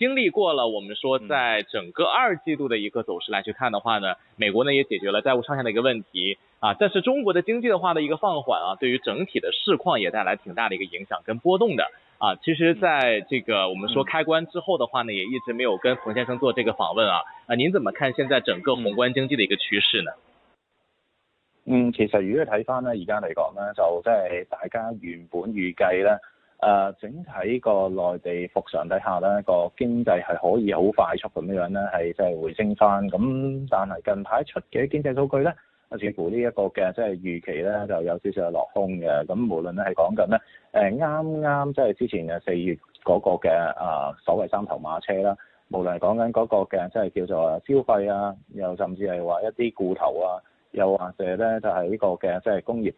經歷過了，我們說在整個二季度的一個走勢來去看的話呢，美國呢也解決了債務上限的一個問題啊，但是中國的經濟的話呢一個放緩啊，對於整體的市況也帶來挺大的一個影響跟波動的啊。其實，在這個我們說開關之後的話呢，嗯，也一直沒有跟彭先生做這個訪問啊啊，您怎麼看現在整個宏觀經濟的一個趨勢呢？嗯，其實如果睇翻呢，而家來講呢，就即係大家原本預計呢。誒，整體個內地復常底下咧，個經濟係可以好快速咁樣呢咧，係即係回升翻。咁但係近排出嘅經濟數據咧，似乎呢一個嘅即係預期咧，就有少少落空嘅。咁無論係講緊咧，啱啱即係之前嘅四月嗰個嘅啊所謂三頭馬車啦，無論係講緊嗰個嘅即係叫做消費啊，又甚至係話一啲固投啊。又或者咧，就係呢個嘅即係工業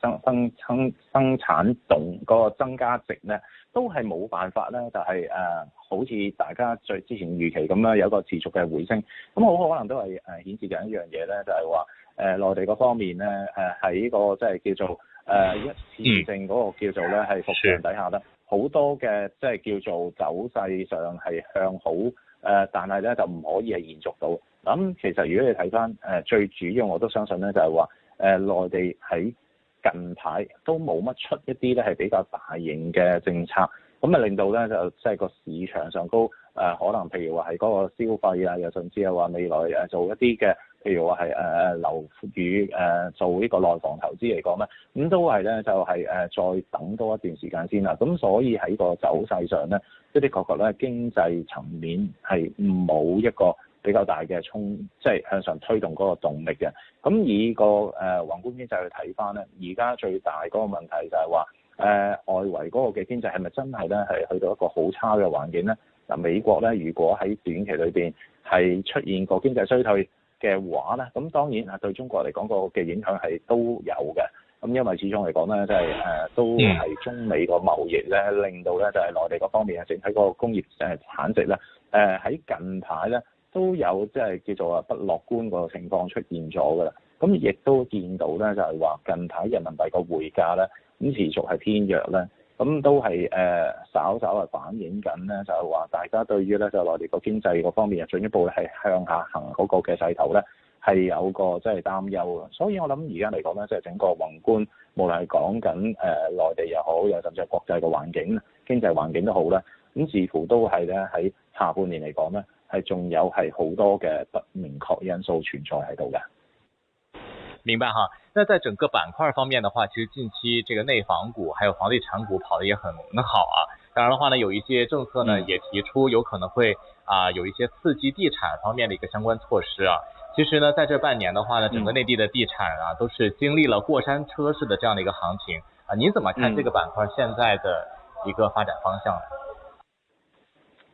生生生生產總嗰個增加值咧，都係冇辦法咧，就係誒好似大家最之前預期咁啦，有個持續嘅回升。咁好可能都係誒顯示緊一樣嘢咧，就係話誒內地嗰方面咧，誒喺呢個即係、就係、叫做誒、呃、一次性嗰個叫做咧係、嗯、復常底下咧，好多嘅即係叫做走勢上係向好誒、呃，但係咧就唔可以係延續到。咁其實如果你睇翻誒最主要我都相信咧，就係話誒內地喺近排都冇乜出一啲咧係比較大型嘅政策，咁啊令到咧就即係個市場上高誒可能譬如話係嗰個消費啊，又甚至係話未來誒做一啲嘅譬如話係誒誒樓宇誒、呃、做呢個內房投資嚟講咧，咁都係咧就係、是、誒再等多一段時間先啦。咁所以喺個走勢上咧，的的確確咧經濟層面係冇一個。比較大嘅衝，即係向上推動嗰個動力嘅。咁以、那個誒、呃、宏觀經濟去睇翻咧，而家最大嗰個問題就係話誒外圍嗰個嘅經濟係咪真係咧係去到一個好差嘅環境咧？嗱、呃，美國咧如果喺短期裏邊係出現過經濟衰退嘅話咧，咁當然啊對中國嚟講個嘅影響係都有嘅。咁因為始終嚟講咧，即係誒都係中美個貿易咧，令到咧就係、是、內地嗰方面嘅整體個工業誒產值咧，誒、呃、喺近排咧。都有即係、就是、叫做話不樂觀個情況出現咗㗎啦。咁亦都見到咧，就係、是、話近排人民幣個匯價咧，咁持續係偏弱咧。咁都係誒、呃，稍稍係反映緊咧，就話、是、大家對於咧就內、是、地個經濟個方面啊，進一步咧係向下行嗰個嘅勢頭咧，係有個即係擔憂啊。所以我諗而家嚟講咧，即、就、係、是、整個宏觀，無論係講緊誒內地又好，又甚至係國際個環境、經濟環境都好啦。咁似乎都係咧喺下半年嚟講咧。係仲有係好多嘅不明確因素存在喺度嘅。明白哈，那在整個板塊方面的話，其實近期這個內房股還有房地產股跑得也很好啊。當然的話呢，有一些政策呢也提出有可能會啊，呃，有一些刺激地產方面的一個相關措施啊。其實呢，在這半年的話呢，整個內地的地產啊，嗯，都是經歷了過山車式的這樣的一個行情啊。你怎麼看這個板塊現在的一個發展方向呢？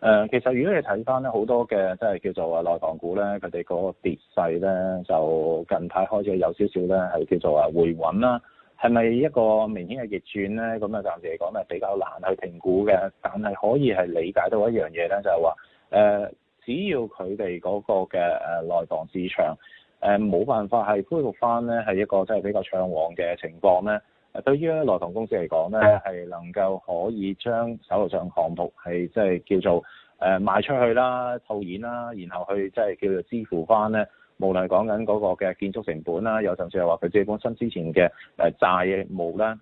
誒、呃，其實如果你睇翻咧，好多嘅即係叫做啊內房股咧，佢哋嗰個跌勢咧，就近排開始有少少咧，係叫做啊回穩啦。係咪一個明顯嘅逆轉咧？咁啊，暫時嚟講咧比較難去評估嘅。但係可以係理解到一樣嘢咧，就係話誒，只要佢哋嗰個嘅誒內房市場誒冇、呃、辦法係恢復翻咧，係一個即係比較暢旺嘅情況咧。對對於咧內房公司嚟講咧，係能夠可以將手頭上項目係即係叫做誒賣出去啦、套現啦，然後去即係叫做支付翻咧，無論講緊嗰個嘅建築成本啦，有甚至係話佢自己本身之前嘅誒債務咧，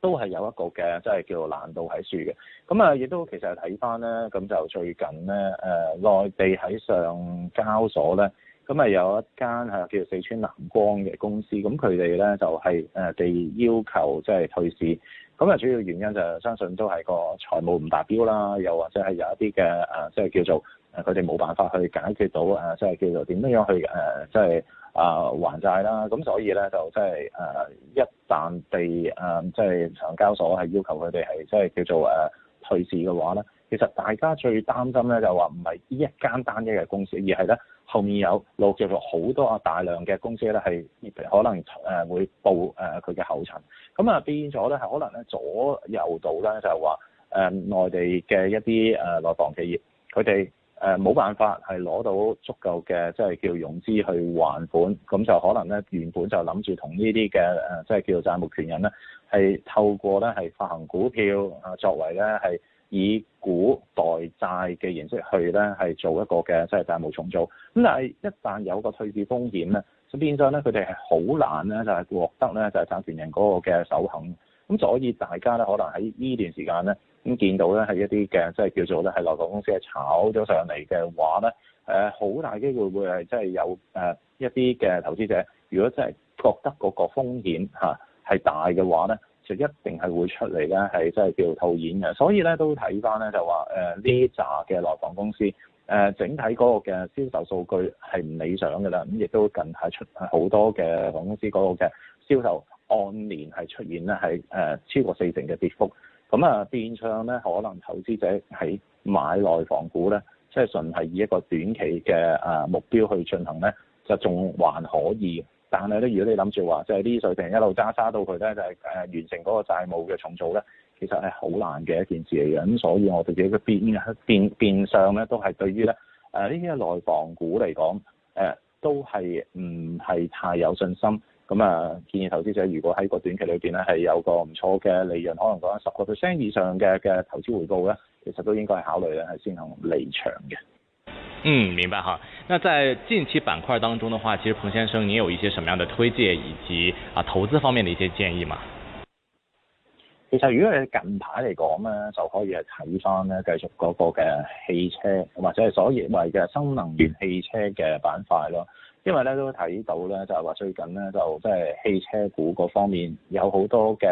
都係有一個嘅，即係叫做難度喺處嘅。咁啊，亦都其實睇翻咧，咁就最近咧誒內地喺上交所咧。咁啊，有一間叫做四川藍光嘅公司，咁佢哋咧就係誒被要求即係退市，咁啊，主要原因就係、相信都係個財務唔達標啦，又或者係有一啲嘅即係叫做佢哋冇辦法去解決到即係、就是、叫做點樣去即係啊還債啦，咁所以咧就即係誒一旦被誒即係上交所係要求佢哋係即係叫做誒退市嘅話咧，其實大家最擔心咧就話唔係呢一間單一嘅公司，而係咧。後面有陸續陸續好多啊大量嘅公司咧係，可能誒會步誒佢嘅後塵，咁啊變咗咧係可能咧左右到咧就係話誒內地嘅一啲誒內房企業，佢哋誒冇辦法係攞到足夠嘅即係叫融資去還款，咁就可能咧原本就諗住同呢啲嘅誒即係叫做債務權人咧係透過咧係發行股票啊作為咧係。以股代債嘅形式去咧，係做一個嘅即係債務重組。咁但係一旦有個退市風險咧，咁變咗咧佢哋係好難咧就係、是、獲得咧就係、是、債權人嗰個嘅首肯。咁所以大家咧可能喺呢段時間咧咁見到咧係一啲嘅即係叫做咧係內房公司炒咗上嚟嘅話咧，誒好大機會會係即係有誒一啲嘅投資者，如果真係覺得嗰個風險嚇係大嘅話咧。就一定係會出嚟咧，係即係叫做套現嘅，所以咧都睇翻咧就話誒呢扎嘅內房公司誒、呃、整體嗰個嘅銷售數據係唔理想㗎啦，咁亦都近排出好多嘅房公司嗰個嘅銷售按年係出現咧係誒超過四成嘅跌幅，咁啊變相咧可能投資者喺買內房股咧，即係純係以一個短期嘅誒目標去進行咧，就仲還可以。但係咧，如果你諗住話，即係啲水平一路揸揸到佢咧，就係誒完成嗰個債務嘅重組咧，其實係好難嘅一件事嚟嘅。咁所以我哋自己嘅變變變相咧，都係對於咧誒呢啲內房股嚟講，誒都係唔係太有信心。咁啊，建議投資者如果喺個短期裏邊咧係有個唔錯嘅利潤，可能講十個 percent 以上嘅嘅投資回報咧，其實都應該係考慮係先行離場嘅。嗯，明白哈。那在近期板塊當中的話，其實彭先生你有一些什麼樣的推介，以及啊投資方面的一些建議嗎？其實如果你近排嚟講咧，就可以係睇翻咧，繼續嗰個嘅汽車或者係所認為嘅新能源汽車嘅板塊咯。因為咧都睇到咧，就係、是、話最近咧就即係、就是、汽車股嗰方面有好多嘅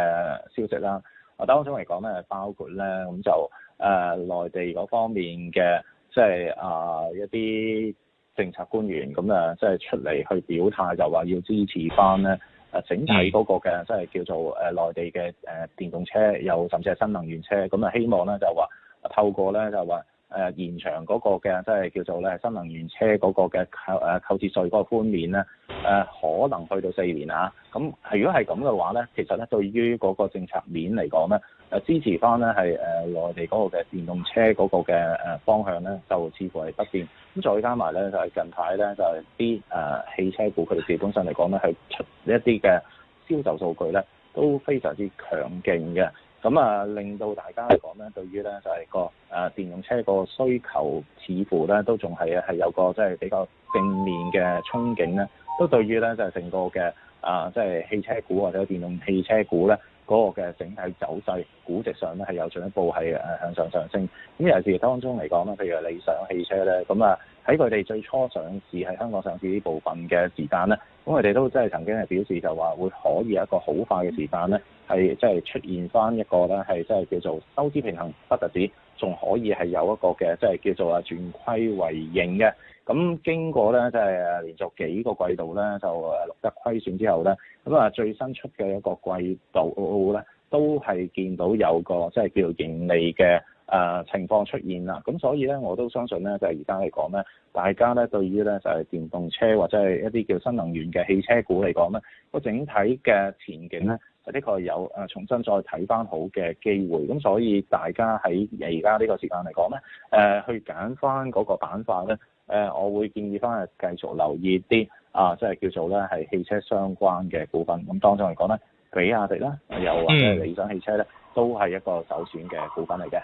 消息啦。啊，當中嚟講咧，包括咧咁就誒、呃、內地嗰方面嘅。即係啊，一啲政策官員咁啊，即係、就是、出嚟去表態，就話要支持翻咧，誒整體嗰個嘅即係叫做誒內地嘅誒電動車，又甚至係新能源車，咁啊希望咧就話透過咧就話誒延長嗰個嘅即係叫做咧新能源車嗰個嘅購誒購置稅嗰個寬免咧，誒、呃、可能去到四年嚇。咁係如果係咁嘅話咧，其實咧對於嗰個政策面嚟講咧。誒支持翻咧係誒內地嗰個嘅電動車嗰個嘅誒方向咧，就似乎係不變。咁再加埋咧，就係近排咧，就係啲誒汽車股，佢哋基本上嚟講咧，係出一啲嘅銷售數據咧，都非常之強勁嘅。咁啊，令到大家嚟講咧，對於咧就係個誒電動車個需求，似乎咧都仲係係有個即係比較正面嘅憧憬咧。都對於咧就係成個嘅啊，即係汽車股或者電動汽車股咧。嗰個嘅整體走勢，估值上咧係有進一步係誒向上上升。咁尤其是當中嚟講咧，譬如理想汽車咧，咁啊喺佢哋最初上市喺香港上市呢部分嘅時間咧，咁佢哋都即係曾經係表示就話會可以一個好快嘅時間咧，係即係出現翻一個咧係即係叫做收支平衡不特止，仲可以係有一個嘅即係叫做啊轉虧為盈嘅。咁經過咧，即係誒連續幾個季度咧，就誒錄得虧損之後咧，咁啊最新出嘅一個季度咧，都係見到有個即係、就是、叫盈利嘅誒、啊、情況出現啦。咁所以咧，我都相信咧，就係而家嚟講咧，大家咧對於咧就係、是、電動車或者係一啲叫新能源嘅汽車股嚟講咧，個整體嘅前景咧，就的確有誒、啊、重新再睇翻好嘅機會。咁所以大家喺而家呢個時間嚟講咧，誒、啊、去揀翻嗰個板塊咧。誒、呃，我會建議返去繼續留意啲啊，即係叫做咧係汽車相關嘅股份。咁、啊、當中嚟講咧，比亞迪啦，又或者理想汽車咧、嗯，都係一個首選嘅股份嚟嘅。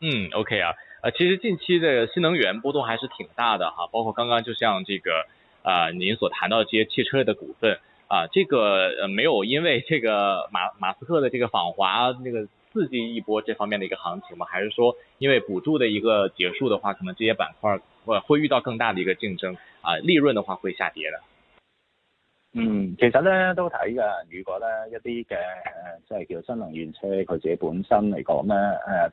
嗯，OK 啊，誒，其實近期嘅新能源波動還是挺大的哈，包括剛剛就像這個，啊、呃，您所談到嘅這些汽車嘅股份，啊、呃，這個沒有因為這個馬馬斯克嘅這個訪華那個。刺激一波這方面的一個行情嗎？還是說，因為補助的一個結束的話，可能這些板塊會會遇到更大的一個競爭啊、呃，利潤的話會下跌的。嗯，其實咧都睇㗎。如果咧一啲嘅即係叫新能源車，佢自己本身嚟講咧，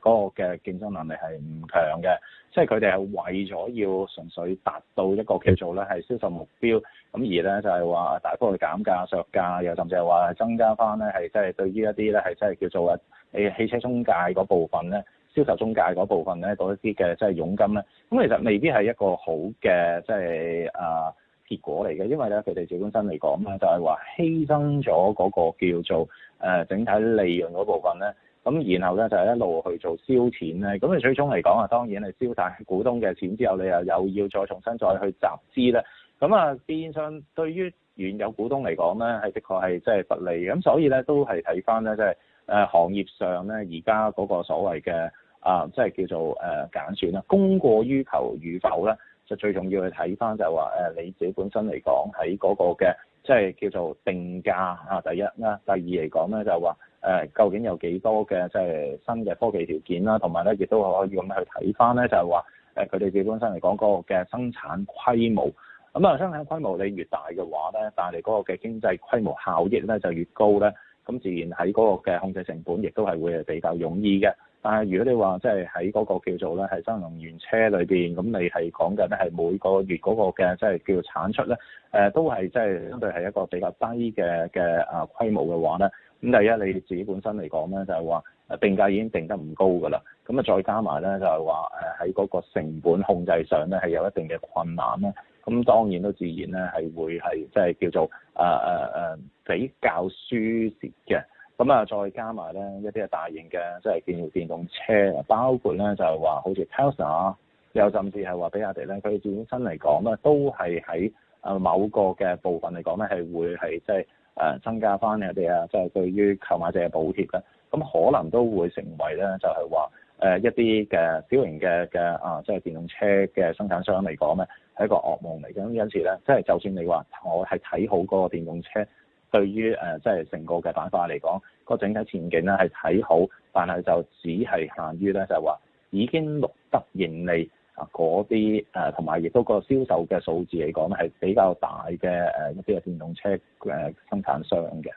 誒嗰個嘅競爭能力係唔強嘅。即係佢哋係為咗要純粹達到一個叫做咧係銷售目標，咁而咧就係話大幅去減價，削價，又甚至係話增加翻咧係即係對於一啲咧係即係叫做誒汽車中介嗰部分咧，銷售中介嗰部分咧嗰一啲嘅即係佣金咧，咁其實未必係一個好嘅即係結果嚟嘅，因為咧佢哋本身嚟講啊，就係、是、話犧牲咗嗰個叫做誒、呃、整體利潤嗰部分咧，咁然後咧就係、是、一路去做燒錢咧，咁你最終嚟講啊，當然你燒晒股東嘅錢之後，你又有要再重新再去集資咧，咁啊變相對於原有股東嚟講咧，係的確係即係不利，咁所以咧都係睇翻咧即係誒行業上咧而家嗰個所謂嘅啊即係、就是、叫做誒、啊、揀選啦，供過於求與否咧？就最重要去睇翻就係話你自己本身嚟講喺嗰個嘅即係叫做定價啊，第一啦，第二嚟講咧就係話究竟有幾多嘅即係新嘅科技條件啦，同埋咧亦都可以咁樣去睇翻咧就係話佢哋自己本身嚟講嗰個嘅生產規模，咁啊生產規模你越大嘅話咧，但係你嗰個嘅經濟規模效益咧就越高咧，咁自然喺嗰個嘅控制成本亦都係會比較容易嘅。但係如果你話即係喺嗰個叫做咧係新能源車裏邊，咁你係講緊咧係每個月嗰個嘅即係叫做產出咧，誒、呃、都係即係相對係一個比較低嘅嘅啊規模嘅話咧，咁第一你自己本身嚟講咧就係、是、話定價已經定得唔高噶啦，咁啊再加埋咧就係話誒喺嗰個成本控制上咧係有一定嘅困難咧，咁當然都自然咧係會係即係叫做啊啊啊比較輸蝕嘅。咁啊，再加埋咧一啲大型嘅，即係電電動車，包括咧就係話好似 Tesla，又甚至係話比亞迪，咧，佢哋自身嚟講咧，都係喺啊某個嘅部分嚟講咧，係會係即係誒增加翻你哋啊，即係對於購買者嘅補貼嘅，咁可能都會成為咧就係話誒一啲嘅小型嘅嘅啊，即係電動車嘅生產商嚟講咧，係一個噩夢嚟嘅，有陣時咧，即係就算你話我係睇好嗰個電動車。對於誒，即係成個嘅板塊嚟講，個整體前景咧係睇好，但係就只係限於咧，就係話已經錄得盈利啊嗰啲誒，同埋亦都個銷售嘅數字嚟講咧係比較大嘅誒一啲嘅電動車誒生產商嘅。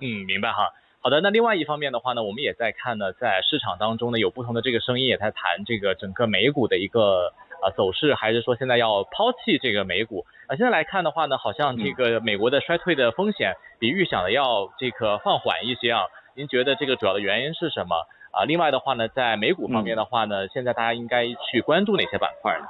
嗯，明白哈。好的，那另外一方面嘅話呢，我們也在看呢，在市場當中呢，有不同的這個聲音也在談這個整個美股嘅一個。啊，走勢還是說現在要拋棄這個美股？啊，現在來看的話呢，好像這個美國的衰退的風險、嗯、比預想的要這個放緩一些啊。您覺得這個主要的原因是什麼？啊，另外的話呢，在美股方面的話呢，嗯、現在大家應該去關注哪些板塊呢？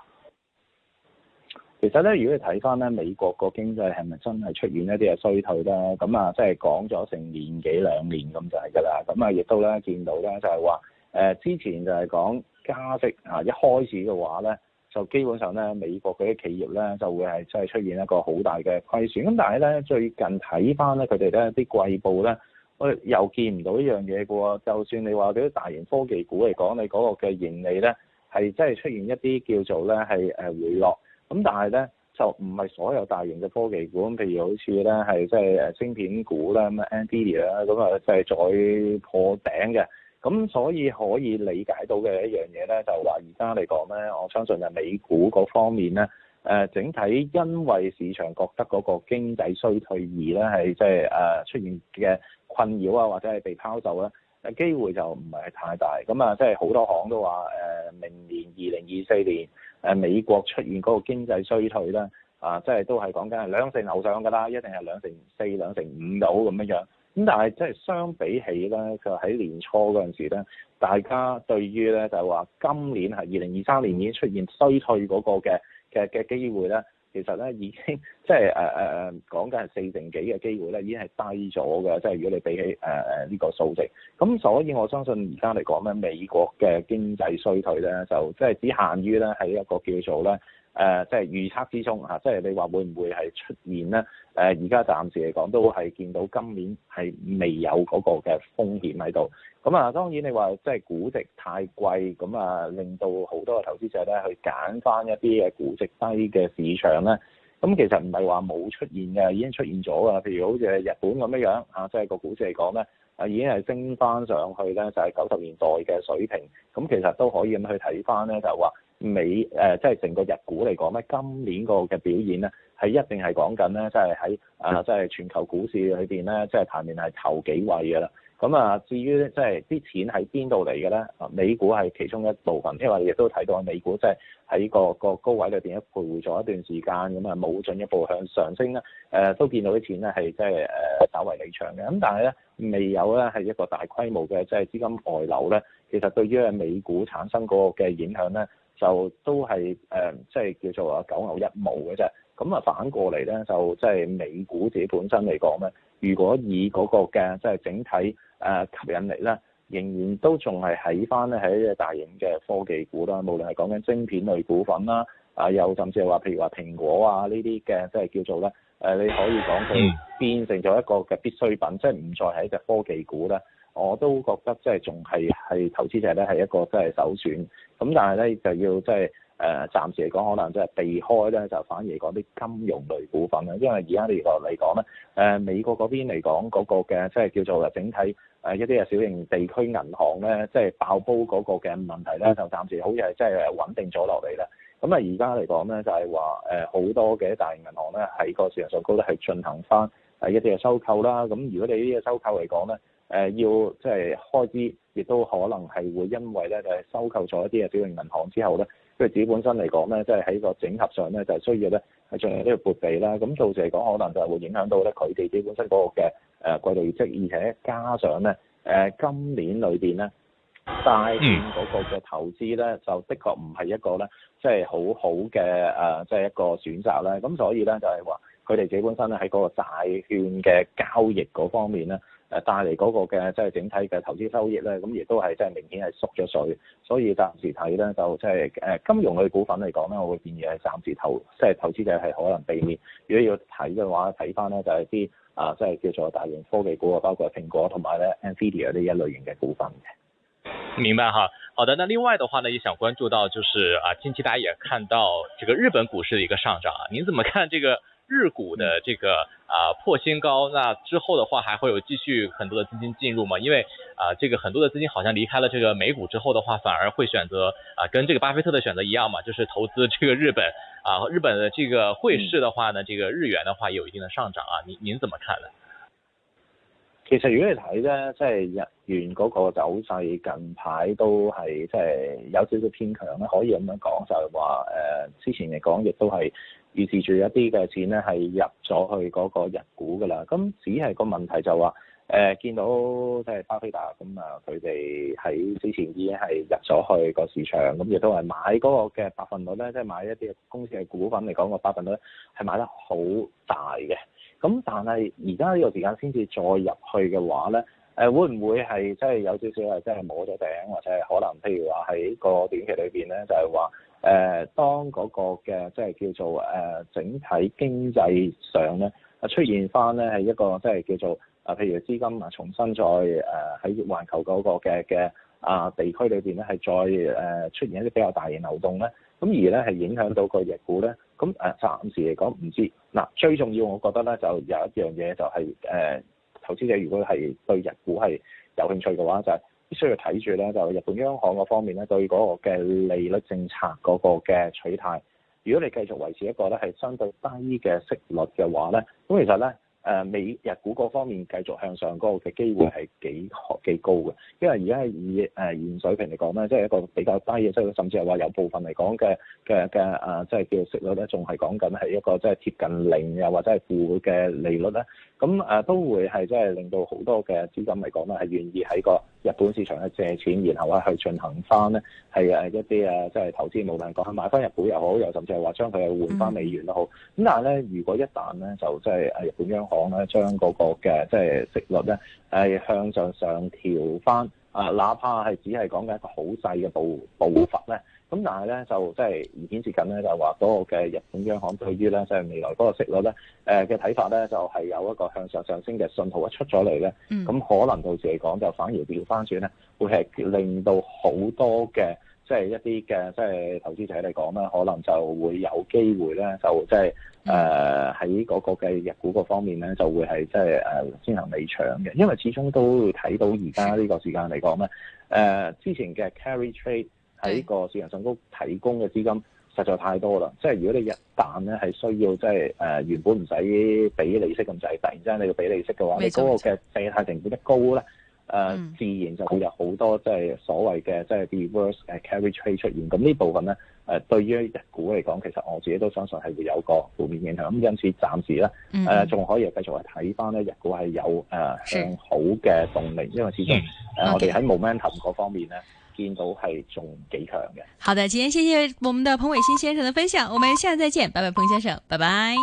其實呢，如果你睇翻呢美國個經濟係咪真係出現一啲嘅衰退呢？咁啊，即係講咗成年幾兩年咁就係噶啦。咁啊，亦都咧見到咧，就係話誒，之前就係講加息啊，一開始嘅話咧。就基本上咧，美國嗰啲企業咧就會係真係出現一個好大嘅虧損。咁但係咧，最近睇翻咧，佢哋咧啲季報咧，我又見唔到一樣嘢嘅喎。就算你話我啲大型科技股嚟講，你、那、嗰個嘅盈利咧係真係出現一啲叫做咧係誒回落。咁但係咧就唔係所有大型嘅科技股，譬如好似咧係即係誒晶片股啦、咁嘅 Nvidia 啦，咁啊就係再破頂嘅。咁所以可以理解到嘅一樣嘢咧，就話而家嚟講咧，我相信就美股嗰方面咧，誒、呃、整體因為市場覺得嗰個經濟衰退而咧係即係誒出現嘅困擾啊，或者係被拋售咧，誒機會就唔係太大。咁啊，即係好多行都話誒、呃，明年二零二四年、呃、美國出現嗰個經濟衰退啦，啊即係都係講緊係兩成樓上噶啦，一定係兩成四、兩成五到咁樣樣。咁但係即係相比起咧，就喺年初嗰陣時咧，大家對於咧就係話今年係二零二三年已經出現衰退嗰個嘅嘅嘅機會咧，其實咧已經即係誒誒誒講緊係四成幾嘅機會咧，已經係低咗嘅。即係、呃、如果你比起誒呢、呃呢個數值，咁所以我相信而家嚟講咧，美國嘅經濟衰退咧，就即係只限於咧喺一個叫做咧。誒、呃，即係預測之中、啊、即係你話會唔會係出現咧？誒、啊，而家暫時嚟講都係見到今年係未有嗰個嘅風險喺度。咁啊，當然你話即係估值太貴，咁啊令到好多嘅投資者咧去揀翻一啲嘅估值低嘅市場咧。咁其實唔係話冇出現嘅，已經出現咗㗎。譬如好似日本咁樣，啊、即係個股市嚟講咧，啊已經係升翻上去咧，就係九十年代嘅水平。咁其實都可以咁去睇翻咧，就係話。美誒即係成個日股嚟講咧，今年個嘅表現咧，係一定係講緊咧，即係喺啊即係、就是、全球股市裏邊咧，即係排名係頭幾位嘅啦。咁啊，至於即係啲錢喺邊度嚟嘅咧？美股係其中一部分，因為亦都睇到美股即係喺個個高位裏邊，一徘徊咗一段時間，咁啊冇進一步向上升咧。誒、呃、都見到啲錢咧係即係誒稍為離場嘅，咁但係咧未有咧係一個大規模嘅即係資金外流咧。其實對於啊美股產生嗰個嘅影響咧。就都係誒，即、呃、係、就是、叫做啊九牛一毛嘅啫。咁啊，反過嚟咧，就即係美股自己本身嚟講咧，如果以嗰個嘅即係整體誒、呃、吸引力咧，仍然都仲係喺翻咧，喺一隻大型嘅科技股啦。無論係講緊晶片類股份啦，啊，又甚至係話譬如話蘋果啊呢啲嘅，即係、就是、叫做咧，誒、呃，你可以講佢變成咗一個嘅必需品，即係唔再係一隻科技股咧。我都覺得即係仲係係投資者咧，係一個即係首選。咁但係咧就要即係誒暫時嚟講，可能即係避開咧，就反而講啲金融類股份啦。因為而家你個嚟講咧，誒，呃，美國嗰邊嚟講嗰個嘅即係叫做整體誒一啲嘅小型地區銀行咧，即係爆煲嗰個嘅問題咧，就暫時好似係即係穩定咗落嚟啦。咁啊而家嚟講咧，就係話誒好多嘅大型銀行咧，喺個市場上高都係進行翻誒一啲嘅收購啦。咁如果你呢啲嘅收購嚟講咧，誒要即係開支，亦都可能係會因為咧，就係、是、收購咗一啲嘅小型銀行之後咧，即係自己本身嚟講咧，即係喺個整合上咧，就是、需要咧係進行呢個撥備啦。咁到時嚟講，可能就係會影響到咧佢哋自己本身嗰個嘅誒季度業績，而且加上咧誒、呃、今年裏邊咧債券嗰個嘅投資咧，就的確唔係一個咧即係好好嘅誒，即、啊、係、就是、一個選擇啦。咁所以咧就係話佢哋自己本身咧喺嗰個債券嘅交易嗰方面咧。誒帶嚟嗰個嘅即係整體嘅投資收益咧，咁亦都係即係明顯係縮咗水，所以暫時睇咧就即係誒金融類股份嚟講咧，我會建議係暫時投，即係投資者係可能避免。如果要睇嘅話，睇翻咧就係啲啊即係叫做大型科技股啊，包括蘋果同埋咧 Nvidia 呢一類型嘅股份嘅。明白哈，好的。那另外的話咧，也想關注到，就是啊近期大家也看到這個日本股市嘅一個上漲啊，您怎麼看這個日股的這個啊、呃、破新高，那之後的話還會有繼續很多的資金進入嗎？因為啊、呃，這個很多的資金好像離開了這個美股之後的話，反而會選擇啊、呃，跟這個巴菲特的選擇一樣嘛，就是投資這個日本啊、呃。日本的這個匯市的話呢，這個日元的話有一定的上漲啊。您您怎麼看呢？其實如果你睇呢，即係日元嗰個走勢近排都係即係有少少偏強呢。可以咁樣講，就係話呃之前嚟講亦都係。預示住一啲嘅錢咧係入咗去嗰個日股噶啦，咁只係個問題就話，誒，呃，見到即係巴菲特咁啊，佢哋喺之前已經係入咗去個市場，咁亦都係買嗰個嘅百分率咧，即係買一啲公司嘅股份嚟講個百分率係買得好大嘅，咁但係而家呢個時間先至再入去嘅話咧，誒，呃，會唔會係真係有少少係真係摸咗頂，或者係可能譬如話喺個短期裏邊咧就係話，誒、呃，當嗰個嘅即係叫做誒、呃，整體經濟上咧，啊出現翻咧係一個即係叫做啊，譬如資金啊重新再誒喺環球嗰個嘅嘅啊地區裏面呢，咧，係再誒出現一啲比較大型流動咧，咁而咧係影響到個日股咧，咁誒暫時嚟講唔知嗱，最重要我覺得咧就有一樣嘢就係、是、誒、呃，投資者如果係對日股係有興趣嘅話就係必須要睇住咧，就係日本央行嗰方面咧，對嗰個嘅利率政策嗰個嘅取態。如果你繼續維持一個咧係相對低嘅息率嘅話咧，咁其實咧誒美日股嗰方面繼續向上嗰個嘅機會係幾幾高嘅，因為而家係以誒現水平嚟講咧，即係一個比較低嘅，即係甚至係話有部分嚟講嘅嘅嘅誒，即係叫息率咧，仲係講緊係一個即係貼近零又或者係負嘅利率咧。咁誒都會係即係令到好多嘅資金嚟講咧係願意喺個。日本市場去借錢，然後咧去進行翻咧係誒一啲啊，即、就、係、是、投資無論講，買翻日本又好，又甚至係話將佢換翻美元都好。咁、嗯、但係咧，如果一旦咧就即係誒日本央行咧將嗰、那個嘅即係息率咧係向上上調翻。啊，哪怕係只係講緊一個好細嘅步步伐咧，咁但係咧就即係而顯接近咧，就話嗰個嘅日本央行對於咧即係未來嗰個息率咧，誒嘅睇法咧就係、是、有一個向上上升嘅信號啊出咗嚟咧，咁、嗯、可能到時嚟講就反而調翻轉咧，會係令到好多嘅。即係一啲嘅，即係投資者嚟講咧，可能就會有機會咧，就即係誒喺嗰個嘅日股嗰方面咧，就會係即係誒、啊、先行離場嘅，因為始終都會睇到而家呢個時間嚟講咧，誒、呃、之前嘅 carry trade 喺個市場上高提供嘅資金實在太多啦，即係如果你一旦咧係需要即係誒、呃、原本唔使俾利息咁滯，突然之間你要俾利息嘅話，你嗰個嘅借貸成本一高咧。誒、呃、自然就會有好多即係所謂嘅即係 reverse carry trade 出現，咁呢部分咧誒、呃、對於日股嚟講，其實我自己都相信係會有個負面影響，咁因此暫時咧誒仲可以繼續係睇翻咧日股係有誒、呃、向好嘅動力，因為始終、呃 okay. 我哋喺 momentum 嗰方面咧見到係仲幾強嘅。好的，今天謝謝我們的彭偉新先生的分享，我們下次再見，拜拜，彭先生，拜拜。